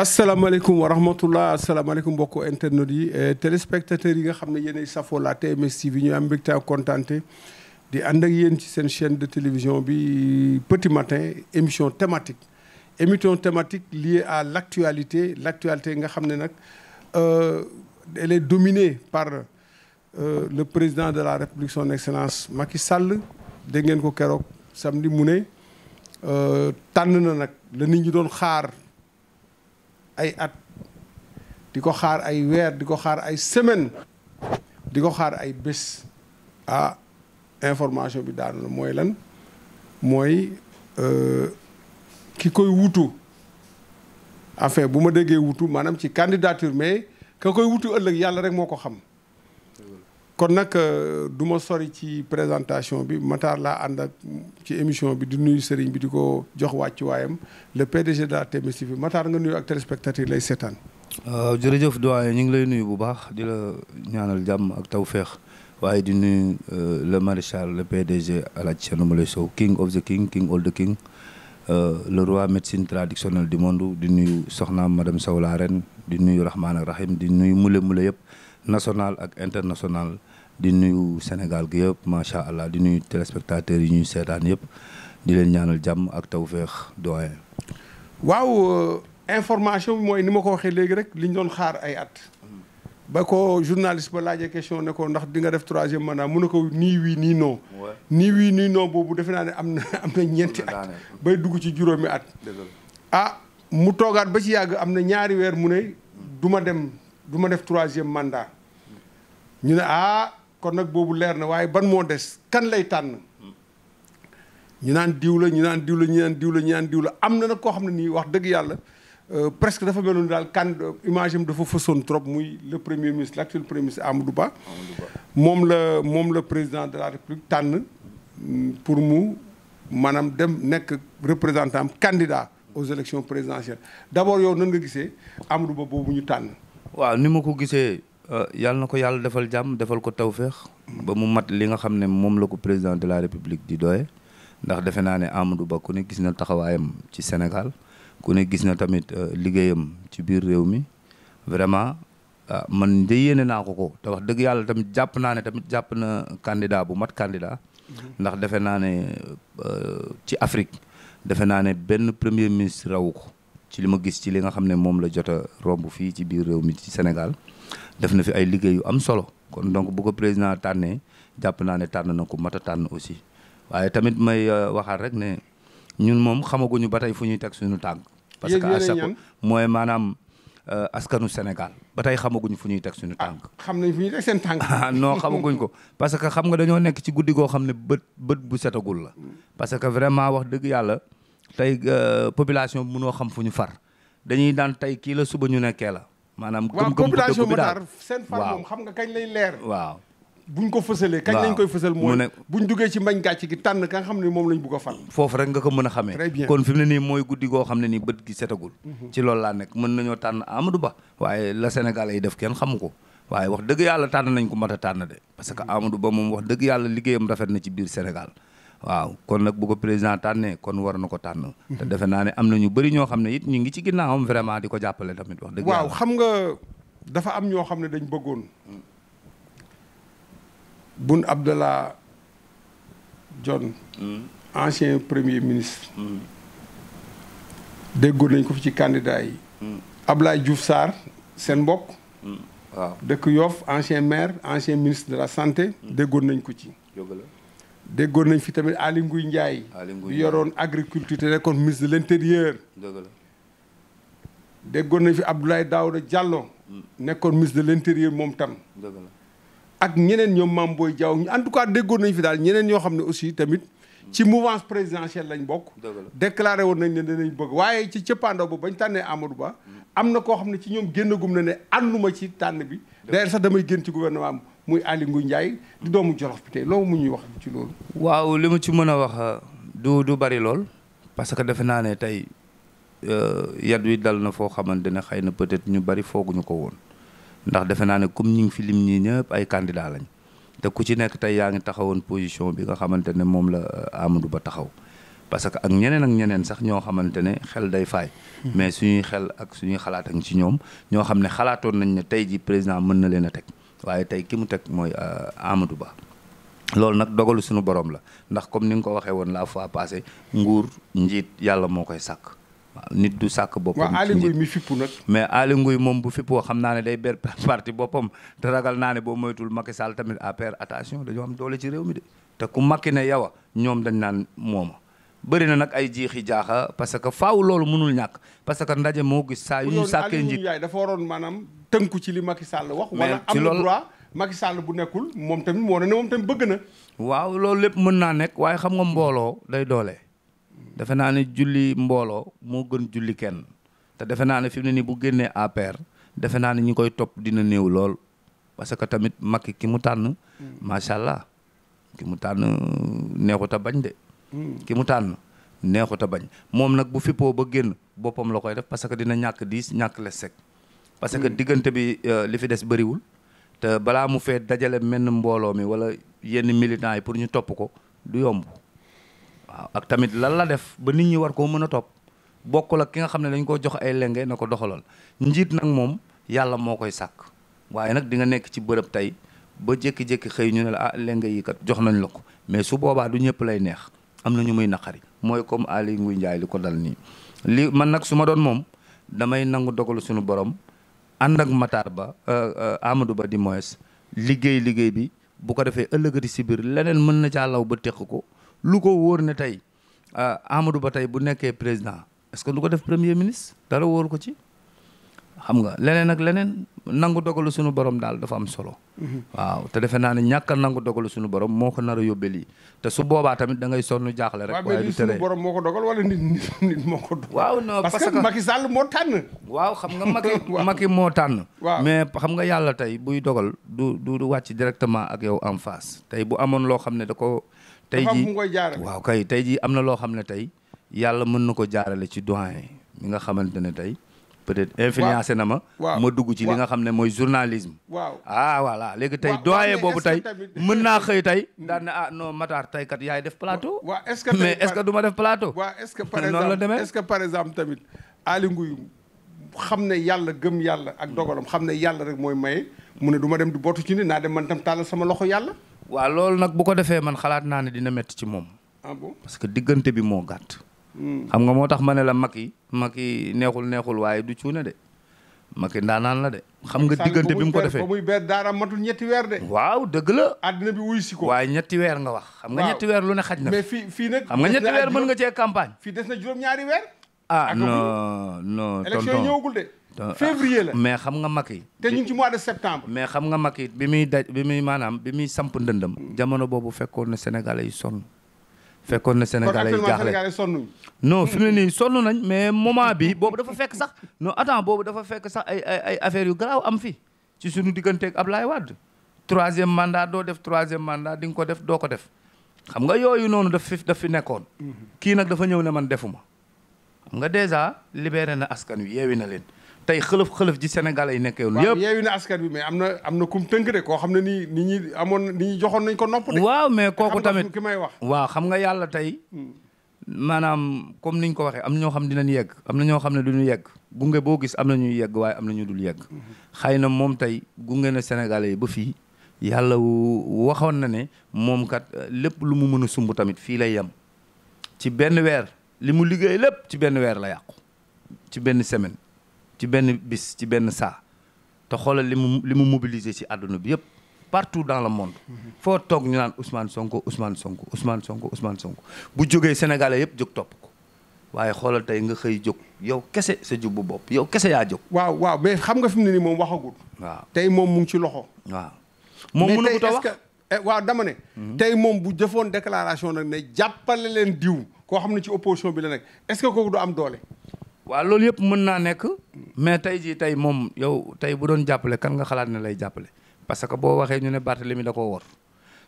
asalaamaaleykum wa rahmatullah asalaamaaleykum mbokku internet yi eh, téléspectateurs yi nga xam ne yéenay safoo la TMS bi ñu am mbégte ak kontaante di ànd ak yéen ci seen chaine de télévision bi petit matin émission thématique émission thématique liée à l' lactualité l' nga xam ne nag euh, elle est dominée par euh, le président de la République son excellence Macky Sall dégg ngeen ko keroog samedi mu ne euh, tànn na nag la nit ñi doon xaar. ay at di ko xaar ay weer di ko xaar ay semaine di ko xaar ay bés ah information bi daanu la mooy lan mooy euh, ki koy wutu affaire bu ma déggee wutu maanaam ci candidature mais ka koy wutu ëllëg yàlla rek moo ko xam kon nag euh, du ma sori ci présentation bi Matar laa ànd ak ci émission bi di nuyu sëriñ bi di ko jox wàccuwaayam le PDG de la TMS TV nga nuyu ak téléspectateur lay seetaan. Euh, jërëjëf doyen ñu ngi lay nuyu bu baax di la ñaanal jàmm ak tawféex waaye di nuyu euh, le maréchal le PDG El Hadj Thierno Moule Sow king of the king king all the king le roi médecine traditionnelle du monde di nuyu soxna madame Sow ren di nuyu Rahman ak Rahim di nuyu mule mule yëpp national ak international. di nuyu Sénégal gi yëpp macha allah di nuyu téléspectateurs yi ñuy seetaan yëpp di leen ñaanal jàmm ak taw tawféex doyen. waaw euh, information bi mooy ni ma ko waxee léegi rek li ñu doon xaar ay at. ba ko journaliste ba laajee question ne ko ndax di nga def troisième mandat mu ne ko nii wii nii non. nii wii nii non boobu defe naa ne am na am na ñeenti at. bay dugg ci juróomi at. ah mu toogaat ba ci yàgg am na ñaari weer mu ne. du ma dem du ma def troisième mandat. ñu ne ah kon nag boobu leer na waaye ban moo des kan lay tànn ñu naan diw la ñu naan diw la naan diw la ñu naan diw la am na nag koo xam ne nii wax dëgg yàlla euh, presque dafa meloon daal kan euh, image am dafa fësoon trop muy le premier ministre l' actuel premier ministre Amadou Ba. moom la moom la président de la république tànn mm, pour mu maanaam dem nekk représentant candidat aux élections présidentielles d' abord yow nan nga gisee Amadou Ba boobu ñu tànn. waaw ni ma ko gisee. Euh, yàlla na ko yàlla defal jàmm defal ko tawféex ba mu mat li nga xam ne moom la ko président de la république di doye ndax defe naa ne Amadou Ba ku ne gis na taxawaayam ci Sénégal ku ne gis na tamit euh, liggéeyam ci biir réew mi vraiment ah, man de yéene naa ko ko te wax dëgg yàlla tamit jàpp naa ne tamit jàpp na candidat bu mat candidat mm-hmm. ndax defe naa ne euh, ci Afrique defe naa ne benn premier ministre raw ko ci li ma gis ci li nga xam ne moom la jot a romb fii ci biir réew mi ci Sénégal def na fi ay liggéey yu am solo kon donc bu ko président tànnee jàpp naa ne tànn na ko mat a tànn aussi waaye tamit may euh, waxaat rek ne ñun moom xamaguñu ba tey fu ñuy teg suñu tànk parce que à chaque maanaam euh, askanu Sénégal ba tey xamaguñ fu ñuy teg suñu ah, tànk. xam nañ fu ñuy teg seen tànk. non xamaguñ ko parce que xam nga dañoo nekk ci guddi goo xam ne bët bët bu setagul la. parce que vraiment wax dëgg yàlla tey euh, population bi mënoo xam fu ñu far dañuy daan tey kii la suba ñu nekkee la. maanaam gëm-gëm bu daal seen far moom xam nga kañ lay leer waaw buñ ko fësalee kañ lañ koy fësal mooy buñ duggee ci mbañ gàcc gi tànn ka xam ne moom lañ bugg a foofu rek nga ko mën a xamee très bien kon fi ne nii mooy guddi koo xam ne nii bët gi setagul mhm. ci loolu laa nekk mën nañoo tànn Amadou Ba waaye la Sénégal def kenn xamu ko waaye wax dëgg yàlla tànn nañ ko mat a tànn de parce que mhm. Amadou Ba moom wax dëgg yàlla liggéeyam rafet na ci biir Sénégal waaw kon nag bu ko président tànnee kon war na ko tànn. te defe naa ne am na ñu bëri ñoo xam ne it ñu ngi ci ginnaawam vraiment di ko jàppale tamit wax dëgg nga dafa am ñoo xam ne dañ bëggoon. Boun Abdallah Dionne. Hmm. ancien premier ministre. Hmm. déggoon nañ ko fi ci candidat yi. Hmm. Ablaye Diouf Sarr seen mbokk. waaw dëkk Yoff ancien maire ancien ministre de la santé. déggoon nañ ko ci. déggoon nañ fi tamit Aly Ngouille Ndiaye bi yoroon agriculture te nekkoon ministre de l'intérieur déggoon nañ fi daaw Daouda jàlloo mm. nekkoon ministre de l'intérieur moom tam ak ñeneen ñoom Mame Boye Diaw en tout cas déggoon nañ fi daal ñeneen ñoo xam ne aussi tamit mm. ci mouvance présidentielle lañ bokk déclaré woon nañ ne dinañ bëgg waaye ci cëppaandaw ba bañ tànnee Amadou Ba mm. am na koo xam ne ci ñoom génnagum na ne ànduma ci tànn bi d'ailleurs sax damay génn ci gouvernement muy Aly Ngouille Ndiaye di doomu Jolof bi tey loolu mu ñuy wax ci loolu. waaw li ma ci mën a wax euh, du du bari lool parce que defe naa ne tey euh, yat yi dal na foo xamante ne xëy na peut-être ñu bari fooguñu ko woon ndax defe naa ne comme ñu ngi fi lim ñii ñëpp ay lañ te ku ci nekk tey yaa ngi taxawoon position bi nga xamante ne moom la euh, Amadou Ba taxaw. parce que ak ñeneen ak ñeneen sax ñoo xamante ne xel day faay. Hmm. mais suñuy xel ak suñuy xalaat ak ci ñoom ñoo xam ne xalaatoon nañ ne tey ji président mën na leen a teg. waaye tey ki mu teg mooy euh, Amadou Ba loolu nag dogalu suñu borom la ndax comme ni nga ko waxee woon laa fois passée nguur njiit yàlla moo koy sàkk nit du sàkk boppam. waaw Aly mi fippu nag. mais Aly Ngouille moom bu fippoo xam naa ne day ber parti boppam te ragal naa ne boo moytul Macky Sall tamit APR attention dañoo am doole ci réew mi de te ku Macky ne yow ñoom dañ naan mooma bëri na nag ay jiixi jaaxa parce que faw loolu mënul ñàkk parce que ndaje moo gis saa ñu sàkkee njiit tënku ci li Macky sàll wax. wala am na droit Macky bu nekkul moom tamit moo ne ne moom tamit bëgg na. waaw loolu lépp mën naa nekk waaye xam nga mbooloo day doole. defe naa ne julli mbooloo moo gën julli kenn te defe naa ne fi ne nii bu génnee APR defe naa ne ñi koy topp dina néew lool parce que tamit Macky ki mu tànn. macha allah ki mu tànn neexut a bañ de. ki mu tànn neexut a bañ moom nag bu fippoo ba génn boppam la koy def parce que dina ñàkk diis ñàkk les sec. parce que diggante bi euh, li fi des bëriwul te balaa mu fee dajale menn mbooloo mi wala yenn militants yi pour ñu topp ko du yomb waaw ak tamit lan la def ba nit ñi war koo mën a topp bokkul ak ki nga xam ne dañ koo jox ay lenge na ko doxalal njiit nag moom yàlla moo koy sàkk waaye nag di nga nekk ci bërëb tey ba jékki-jékki xëy ñu ne la ah lenge yii kat jox nañ la ko mais su boobaa du ñëpp lay neex am na ñu muy naqari mooy comme Aly Ngouille Ndiaye li ko dal nii. li man nag su ma doon moom damay nangu dogalu suñu borom. ànd ak Matar Ba euh, euh, Amadou Ba di moins liggéey liggéey bi bu ko defee ëllëg at si biir leneen mën na caa law ba teq ko lu ko wóor ne tey euh, Amadou Ba tey bu nekkee président est que du ko def premier ministre dara wóor ko ci. xam nga leneen ak leneen nangu dogalu suñu borom daal dafa am solo. waaw te defe naa ne ñàkk a nangu dogalu suñu borom moo ko nar a yóbbee lii te su boobaa tamit da ngay sonn jaaxle rek. waaye du tere suñu borom moo ko dogal waaw non parce waaw xam nga Macky Macky moo tànn. mais xam nga yàlla tey buy dogal du du wàcc directement ak yow en face tey bu amoon loo xam ne da ko tey jii waaw kay tey jii am na loo xam ne tey yàlla mën na ko jaarale ci doyen mi nga xamante ne tey peut-être influencé na ma. ma dugg ci li nga xam ne mooy journalisme. waaw ah voilà léegi tey doyen boobu tey mën naa xëy tey hmm. daan na ah noo Matar tey kat yaay def palaato waaw est-ce mais est-ce def palaato waaw est-ce que par exemple est-ce que par exemple tamit Aly Ngouille xam ne yàlla gëm yàlla ak dogalam xam ne yàlla rek mooy maye mu ne du dem di bootu ci ni naa dem man tam tàllal sama loxo yàlla. waaw loolu nag bu ko defee man xalaat naa ne dina métti ci moom. ah parce que diggante bi moo gàtt. xam nga moo tax ma ne la Macky Macky neexul neexul waaye du cuune de Macky ndaanaan la de xam nga diggante bi mu ko defee ba ber daara matul ñetti weer de waaw dëgg la àddina bi wuy si ko waaye ñetti weer nga wax xam nga ñetti weer lu ne xaj na mais fii fii nag xam nga ñetti weer mën nga cee campagne fii des na juróom ah, ah, la mais xam nga Macky te ñu ci mois de septembre mais xam nga Macky bi muy daj bi muy maanaam bi muy samp ndëndam jamono boobu fekkoon na sénégalais yi sonn fekkoon na Sénégalais yi jaaxle sonn non fi mu ne nii sonn nañ mais moment bi boobu dafa fekk sax non attends boobu dafa fekk sax ay ay ay affaires yu garaw am fi ci suñu digganteeg Ablaye Wade troisième mandat doo def troisième mandat di nga ko def doo ko def xam nga yooyu noonu daf fi daf fi nekkoon mm-hmm. kii nag dafa ñëw ne man defuma xam nga déjà libéré na askan wi yeewi na leen tey xëlëf xëlëf ci Sénégal yi nekkee woon. yëpp yeewu na askan bi mais am na am na kum tënk de koo xam ne nii nit ñi amoon nit ñi joxoon nañ ko nopp de. waaw mais kooku tamit ki may wax. waaw xam nga yàlla tey hmm. maanaam comme niñ ko waxee am na ñoo xam dinañu yegg am na ñoo xam ne ñu yegg gunge boo gis am na ñuy yegg waaye am na ñu dul yegg hmm. xëy na moom tey gunge na Sénégalais yi ba fii yàlla waxoon na ne moom kat eh, lépp lu mu mën a sumb tamit fii lay yem ci benn weer li mu liggéey lépp ci benn weer la yàqu ci benn semaine ci benn bis ci benn saa te xoolal li mu li mu mobiliser ci àdduna bi yëpp partout dans le monde foo toog ñu naan Ousmane Sonko Ousmane Sonko Ousmane Sonko Ousmane Sonko bu jógee Sénégalais yëpp jóg topp ko waaye xoolal tey nga xëy jóg yow kese sa jubbu bopp yow kese yaa jóg waaw waaw mais xam nga fi mu ne nii moom waxagul waaw tey moom mu ngi ci loxo waaw moom mënagut a wax eh, waaw dama ne mhm. tey moom bu jëfoon déclaration nag ne jàppale leen diw koo xam ne ci opposition bi la nekk est du am waaw loolu yëpp mën naa nekk mais tey jii tey moom yow tey bu doon jàppale kan nga xalaat ne lay jàppale parce que boo waxee ñu ne mi da koo wor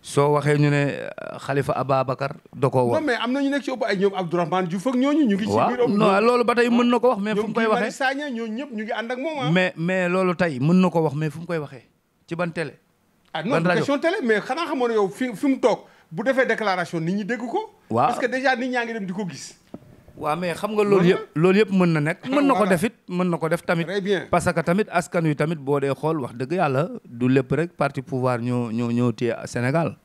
soo waxee ñu ne euh, Khalifa Ababacar da koo wor. non mais am na ñu nekk ci ëpp ay ñoom Abdourahmane Diouf ak ñooñu. ñu ngi ci ba tey mën na ko wax mais fu mu koy waxee ñoom ñëpp ñu ngi ànd ak moom ah. mais mais loolu tey mën na ko wax mais fu mu koy waxee ci ban télé. ah non question télé mais xanaa xamoon yow fi fi mu toog bu defee déclaration nit ñi dégg ko. waa parce que déjà ñaa ngi dem di ko gis waaw mais xam nga loolu yëpp loolu yëpp mën na nekk mën na ko def it mën na ko def tamit parce que tamit askan wi tamit boo dee xool wax dëgg yàlla du lépp rek parti pouvoir ñoo ñoo ñoo téye Sénégal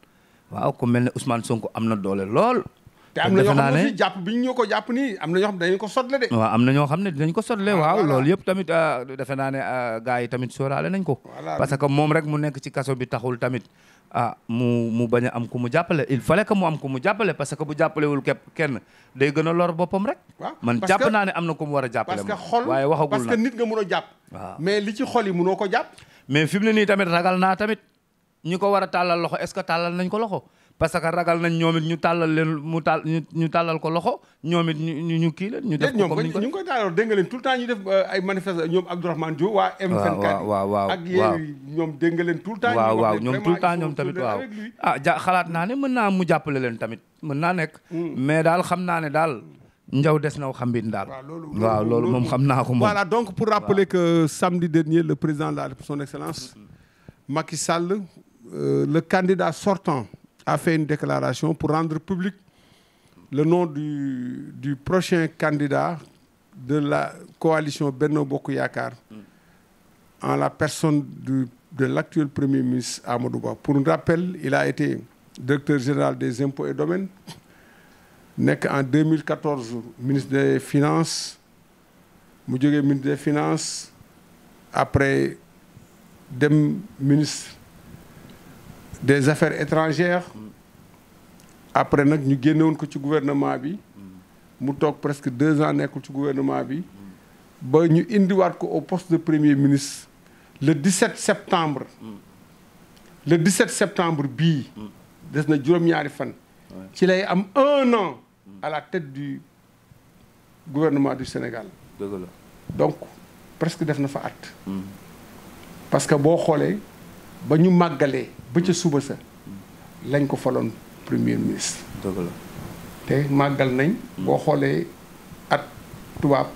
waaw ko mel ne Ousmane Sonko am na doole lool te am na ñoo xam ne aussi jàpp bi ko jàpp nii am na ñoo ko sotle de waaw am na ñoo xam ne dinañ ko le ah, waaw loolu yëpp tamit ah, defe naa ne ah, gars yi tamit sóoraale nañ ko parce que moom rek mu nekk ci kaso bi taxul tamit mu mu bañ a ku mu jàppale il fallait mu am ku mu jàppale parce que bu jàppalewul képp kenn day gën a lor boppam rek man jàpp naa ne am na ku mu war a jàppale parce que xol waaye waxagul nit nga mun jàpp waaw mais li ci xol yi munoo ko jàpp mais fi mu ne nii tamit ragal naa tamit ñi ko war tàllal loxo est ce que tàllal nañ ko loxo parce que ragal nañ ñoom it ñu tàllal leen mu tàll ñu tàllal ko loxo ñoom it ñu ñu kii leen. ñu def ko comme ko ñu ngi koy tàllal dégg leen tout le ñu def euh, ay manifestation ñoom Abdourahmane Diouf waa M24 waaw waaw ak yéen ñoom dégg leen tout le waaw waaw ñoom tout ñoom tamit waaw ah xalaat naa ne mën naa mu jàppale leen tamit mën naa nekk hmm. mais daal xam naa ne daal njaw des na xambin daal waaw loolu moom xam naa ko moom voilà donc pour rappeler que samedi dernier le président de la son excellence hmm. Macky Sall euh, le candidat sortant a fait une déclaration pour rendre public le nom du, du prochain candidat de la coalition Benno Bokk Yaakaar mm. en la personne du, de l'actuel Premier ministre Amadou Ba. Pour rappel, il a été directeur général des impôts et domaines, nekk en 2014 ministre des Finances, mu jóge ministre des Finances après dem ministre des affaires étrangères après nag ñu génne ko ci gouvernement bi mu toog presque deux ans nekkul ci gouvernement bi ba ñu indiwaat ko au poste de premier ministre le 17 septembre. le 17 septembre bii. des na juróom-ñaari fan. ci lay am un an. à la tête du gouvernement du Sénégal. donc presque def na fa at. Mm. parce que boo xoolee. ba ñu màggalee ba ca suba sa lañ ko faloon premier ministre. te màggal nañ. boo xoolee at tubaab.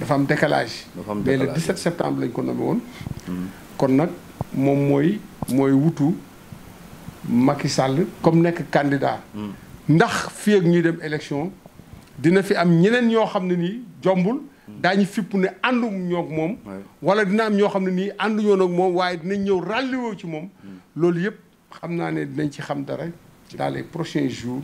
dafa am décalage. dafa am décalage mais septembre lañ ko nommé woon. Hmm. kon nag moom mooy mooy wutu Macky Sall comme nekk candidat. Hmm. ndax fii ak ñuy dem élection dina fi am ñeneen ñoo xam ne nii jombul. daañu fipp ne àndu ñoog moom wala dina am ñoo xam ne nii àndu ñoo moom waaye dinañ ñëw ràlliwoo ci moom mm. loolu yëpp xam naa ne dinañ ci xam dara dans les prochains jours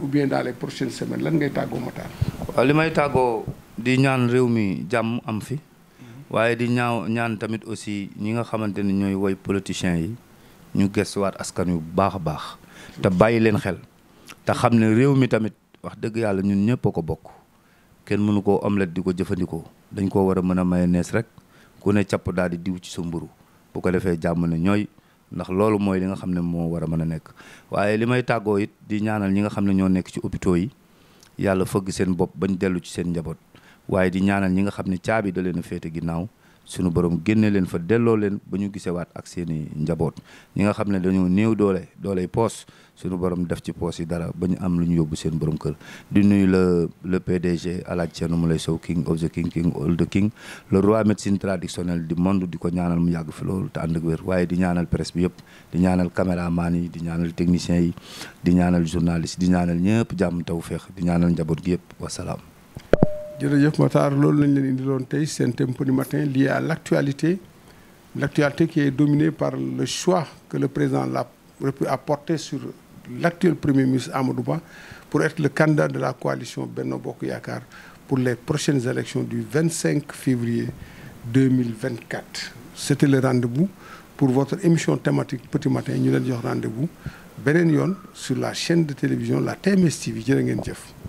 ou bien dans les prochaines lan ngay tàggoo Matar waaw li may tàggoo di ñaan réew mi jàmm am fi mm-hmm. waaye di ñaaw ñaan tamit aussi ñi nga xamante ne ñooy woy politiciens yi ñu gëstuwaat askan yu baax a baax te bàyyi leen xel te xam ne réew mi tamit wax dëgg yàlla ñun ñëpp ko bokk kenn mënu koo omelette di ko jëfandikoo dañ koo war a mën a may nees rek ku ne capp daal di diw ci sa mburu bu ko defee jàmm ne ñooy ndax loolu mooy li nga xam ne moo war a mën a nekk waaye li may tàggoo it di ñaanal ñi nga xam ne ñoo nekk ci hôpitaux yi yàlla fëgg seen bopp bañ dellu ci seen njaboot waaye di ñaanal ñi nga xam ne caabi da leen a féete ginnaaw sunu borom génnee leen fa delloo leen ba ñu gisewaat ak seeni njaboot ñi nga xam ne dañoo néew doole dooley poos sunu borom def ci poos yi dara ba ñu am lu ñu yóbbu seen borom kër di nuyu la le PDG alaaj Thierno Moulay Sow king of the king king all the king le roi médecine traditionnelle di monde di ko ñaanal mu yàgg fi loolu te ànd ak wér waaye di ñaanal presse bi yëpp di ñaanal caméraman yi di ñaanal techniciens yi di ñaanal journaliste di ñaanal ñëpp jàmm taw féex di ñaanal njaboot gi yëpp wasalaam jërëjëf Matar loolu lañ leen indiloon tey seen tempo du matin lié l'actualité l'actualité qui est dominée par le choix que le président l'a a porté sur l'actuel premier ministre Amadou Ba pour être le candidat de la coalition benn Bokk Yaakaar pour les prochaines élections du 25 février 2024 c'était le rendez-vous pour votre émission thématique Petit Matin ñu leen jox rendez-vous beneen yoon sur la chaîne de télévision la TMS TV jërë ngeen jëf